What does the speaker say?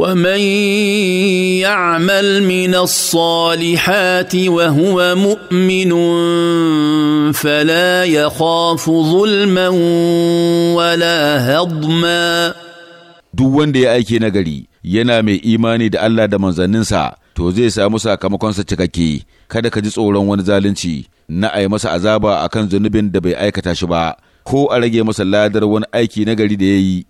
ومن يعمل من الصالحات وهو مؤمن فلا يخاف ظلما ولا هضما duk wanda ya aiki nagari yana mai imani da Allah da manzanninsa to zai samu sakamakonsa cikakke kada ka ji tsoron wani zalunci na ai masa azaba akan zunubin da bai aikata shi ba ko a rage masa ladar wani aiki nagari da ya yi